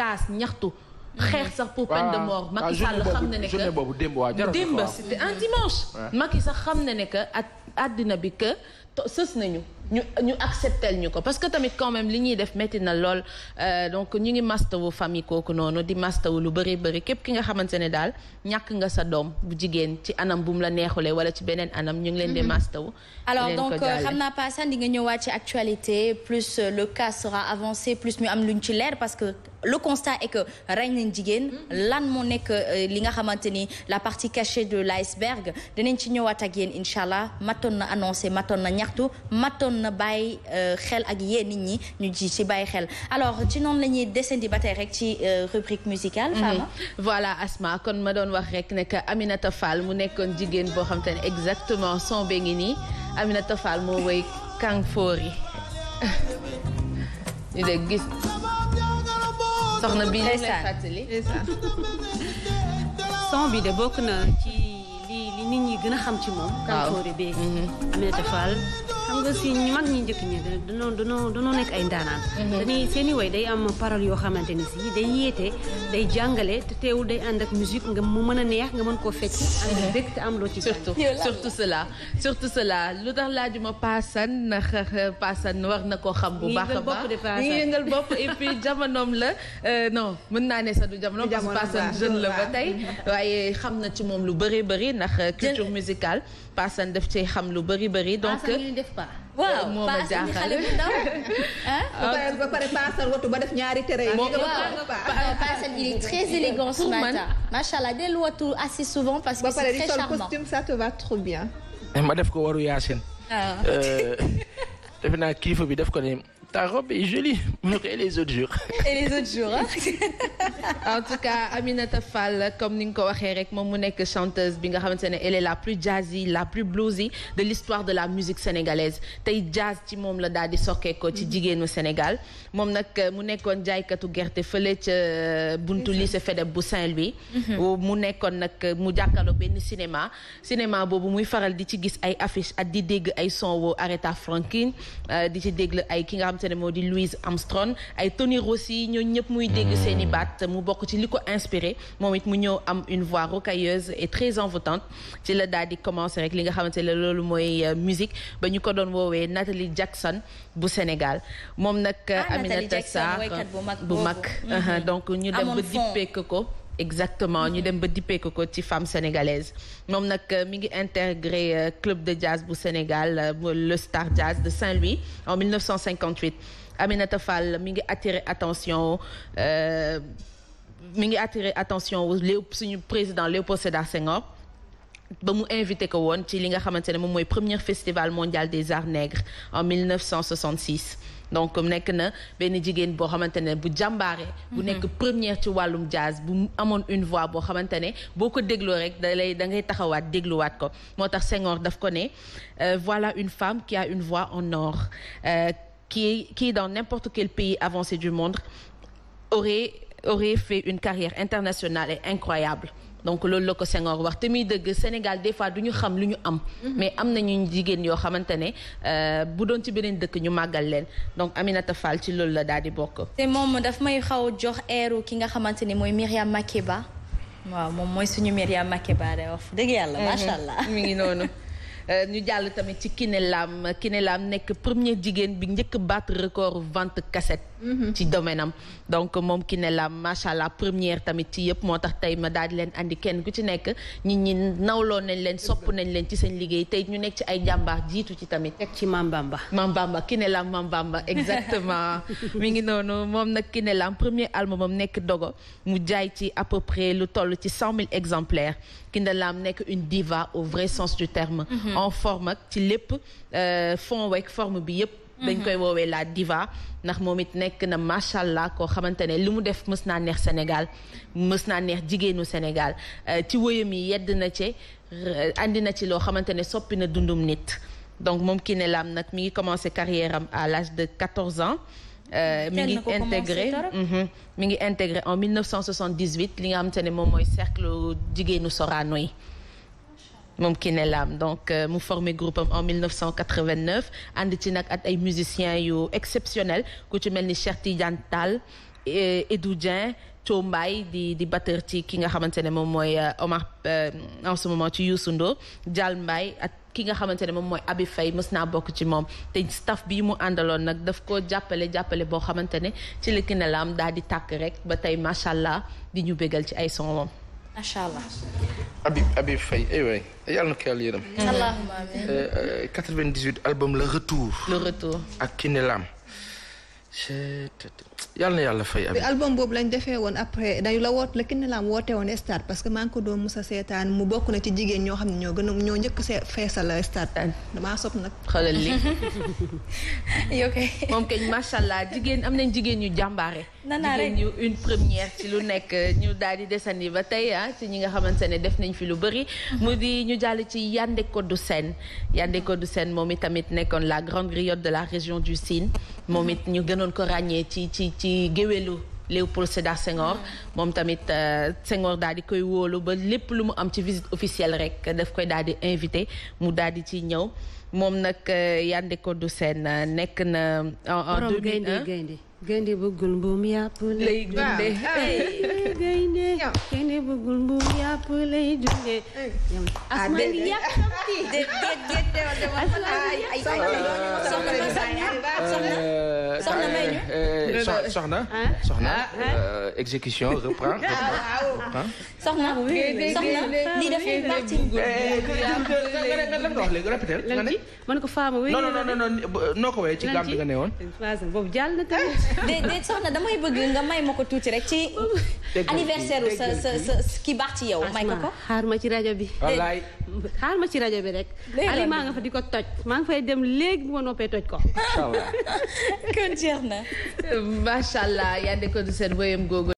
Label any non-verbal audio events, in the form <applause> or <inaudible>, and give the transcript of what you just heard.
kaas ñaxtu. Mm-hmm. xeex sax pour peine de mort. Macky Sall xam na ne que journée boobu démb waa démb c'était un dimanche. Macky sax xam na ne que ak àddina bi que. sës nañu ñu ñu acceptel ñu ko parce que tamit quand même li ñuy def métti na lool euh, donc ñu ngi mastawu famille kooku noonu di wu lu bëri bëri képp ki nga xamante ne daal ñàkk nga sa doom bu jigéen ci anam bu la neexulee wala ci beneen anam ñu ngi leen di mm-hmm. mastawu alors donc xam naa pas sax di nga ñëwaat ci actualité plus euh, le cas sera avancé plus ñu am luñ ci leer parce que le constat est que rey nañ jigéen mm-hmm. lan moo nekk euh, li nga xamante ni la partie cachée de l'iceberg dinañ ci ñëwaat ak yéen incha allah matoon na annoncé matoon na ñax artu mattoon na bàyyi euh, xel ak yéen nit ñi ñu ji ci bàyyi xel alors ci noonu la ñuy descendi ba tey rek ci euh, rubrique musicale mhm. voilà Asma kon ma doon wax rek nekk Aminata Fall mu nekkoon jigéen boo xam te ne exactement son bee ngi nii Aminata Fall moo woy kang foor <laughs> soxna bi ñu lay fàttali bi de bokk na ci gën a xam ci moom. waaw kantoore beeg. Aminata Fall. xam nga si mag ñi njëkk ñi dañoo dañoo dañoo nekk ay ndaanaan. Mhm. dañuy seen day am parole yoo xamante ni si day yeete day jàngale te teewul day ànd ak musique nga mu mën a neex nga mën koo fecc mhm. ànd te am loo ci surtout surtout cela surtout cela lu tax laajuma paasan ndax euh, paasan war na koo xam bu baax a baax ñu yëngal bopp et puis <laughs> jamonoom la euh, non mën naa ne sa du jamono parce que paasan jeune la ba tey waaye xam na ci moom lu bëri bëri ndax euh, culture musicale paasan def ce xam lu bëri bëri donc pas. ba pare paasal watu ba def ñaari tere yi. waaw paasal il est très <laughs> élégant ce matin. macha allah dellu watu assez souvent parce que c'est très charmant. Eh, ma def ko waru Yacine. waaw. Ah. Euh, <laughs> defe naa kilifa bi def ko ta robe est jolie. Vous <laughs> et les autres jours. <laughs> et les autres jours ah. <laughs> en tout cas Aminata Fall comme ni nga ko waxee rek moom mu nekk chanteuse bi nga xamante ne elle est la plus jazzy la plus bluesy de l'histoire de la musique sénégalaise tey jazz ci moom la daal di sokkeekoo ci mhm. jigéenu Sénégal moom nag euh, mu nekkoon jaaykatu gerte fële ca euh, buntu lycée Faidherbe bu Saint-Louis. Mhm. nekkoon nag euh, mu jàkkaarloo benn cinéma cinéma boobu muy faral di ci gis ay affiche ak di dégg ay son woo Aretha Franklin di ci déglu ay ki nga xam xamante ne moo di Louis Armstrong ay Tony Rossi ñoo ñëpp muy dégg hmm. seeni baat mu bokk ci li ko inspiré moom it mu ñëw am une voix rocailleuse et très envoûtante ci la daal di commencé rek li nga xamante ne loolu mooy euh, musique ba ñu ko doon woowee Nathalie Jackson bu Sénégal moom nag ah, Aminata Sarr bu mag hmm. donc ñu dem ba dippeek ko exactement ñu dem ba dippeeku ko ci femme sénégalaise moom nag euh, mi ngi intégré euh, club de jazz bu Sénégal euh, le Star Jazz de Saint-Louis en 1958 Aminata Fall mi ngi attiré attention mi ngi attiré attention suñu président Léopold Sédar Senghor ba mu invité ko woon ci li nga xamante ne moom mooy premier festival mondial des arts nègres en 1966 donc euh, nekk na benn jigéen boo xamante ne bu jàmbaare. bu mhm. nekk première ci wàllum jazz bu amoon une voix boo xamante ne boo ko dégloo rek da lay da ngay taxawaat dégluwaat ko moo tax Senghor daf ko ne euh, voilà une femme qui a une voix en or euh, qui qui dans n'importe quel pays avancé du monde aurait aurait fait une carrière internationale et incroyable donc loolu la ko Senghor wax te muy dëgg Sénégal des fois du ñu xam lu ñu am. Mhm. mais am na ñu jigéen yoo xamante ne euh, bu doon ci beneen dëkk ñu màggal leen donc Aminata Fall ci loolu la daal di bokk. te moom daf may xaw jox eeru ki nga xamante ne mooy Myriam Makeba. waaw moom mooy suñu Myriam Makeba day wax. dëgg yàlla mhm. macha allah mi noonu. <laughs> Euh, ñu jàll tamit ci Kiné Lam Kiné Lam nekk première jigéen bi njëkk battre record vente cassette mhm. ci domaine donc moom Kiné Lam macha allah première tamit ci yëpp moo tax tey ma daal leen andi kenn ku ci nekk nit ñi nawloo nañ leen sopp nañ leen ci seen liggéey tey ñu nekk ci ay jàmbaar jiitu ci tamit. teg ci Mam Bamba. Mam Bamba Kiné Lam Mam Bamba <laughs> mi ngi noonu moom nag Kiné Lam premier album am nekk Dogo mu jaay ci à peu lu toll ci cent mille exemplaires. Kinderlam nekk une diva au vrai sens du terme. Mhm. en forme ci lépp euh, fond weeg forme bi yëpp. dañ mhm. koy woowee la diva ndax moom it nekk na macha allah koo xamante ne li mu def mës naa neex Sénégal mës naa neex jigéenu Sénégal euh, ci wëyam yi yedd na ci andi na ci loo xamante ne soppi na dundum nit donc moom ne laam nag mi ngi commencé carrière am à l'âge de 14 ans. Euh, mi ngi intégré mhm. mi ngi intégré en 1978 li nga xamante ne moom mooy cercle jigéenu Sorano yi moom Kiné Lam donc euh, mu formé groupe am en 1989 ànd ci nag at ay musiciens yu exceptionnels ku ci mel ni Cheikh Tidiane Tall eh, Edou Dieng Thio Mbaye di di batteur ci ki nga xamante ne moom mooy euh, Omar en ce moment ci Youssou Ndour Dial Mbaye ki nga xamante ne moom mooy Abi fay mës naa bokk ci moom te staff bii mu àndaloon nag daf ko jàppale jàppale boo xamante ne ci la kinelaam daal di tàkk rek ba tey macha allah di ñu bégal ci ay son moom. macha allah. Abi Abi Faye aywaay eh yàlla na ko yàlla yërëm. Euh, euh, album le retour. le retour ak kinelaam. yàlla na yàlla fay abi album boobu lañ defee woon après dañu la woot la kenn laam woote woon stade parce que maa ngi ko doon Moussa seetaan mu bokk na ci jigéen ñoo xam ne ñoo gën a ñoo njëkk see feesal stade damaa sopp nag xoolal li <laughs> yow kay moom kañ macha allah jigéen am nañ jigéen ñu jàmbaare nanaa rek jigéen ñu une première ci lu nekk ñu daal di desandi ba tey ah ci ñi nga xamante ne def nañ fi lu bëri mu di ñu jàll ci Yandé Codou Sène Yandé Codou Sène moom itamit nekkoon la grande de la région du Sine ci ci géwélu Léopold Sédar Senghor mm. moom tamit euh, Senghor daal di koy wóolu ba lépp lu mu am ci visite officielle rek daf koy daal di invité mu daal di ci ñëw moom nag euh, Yandé du Sène euh, nekk na en 2001 gaynde bëggul mbuum yàpp lay dunde gaynde gaynde bëggul mbuum yàpp lay dunde asmaan di yàpp soxna may ñu soxna soxna exécution reprend soxna lii dafay parti nga wax léegi répétel nga ne man ko faama wéy non non non noo ko wéy ci gàmm bi nga ne woon boobu jàll na tamit déedéet soxna damay bëgg nga may ma ko tuuti rek ci. anniversaire wu sa sa sa ki baax ci yow. may ko ko xaar ma ci rajo bi. xaar ma ci rajo bi rek. ali maa nga fa di ko toj maa ngi fay dem léegi bu noppee toj ko. kon jeex na. macha allah yaa ngi ko di seen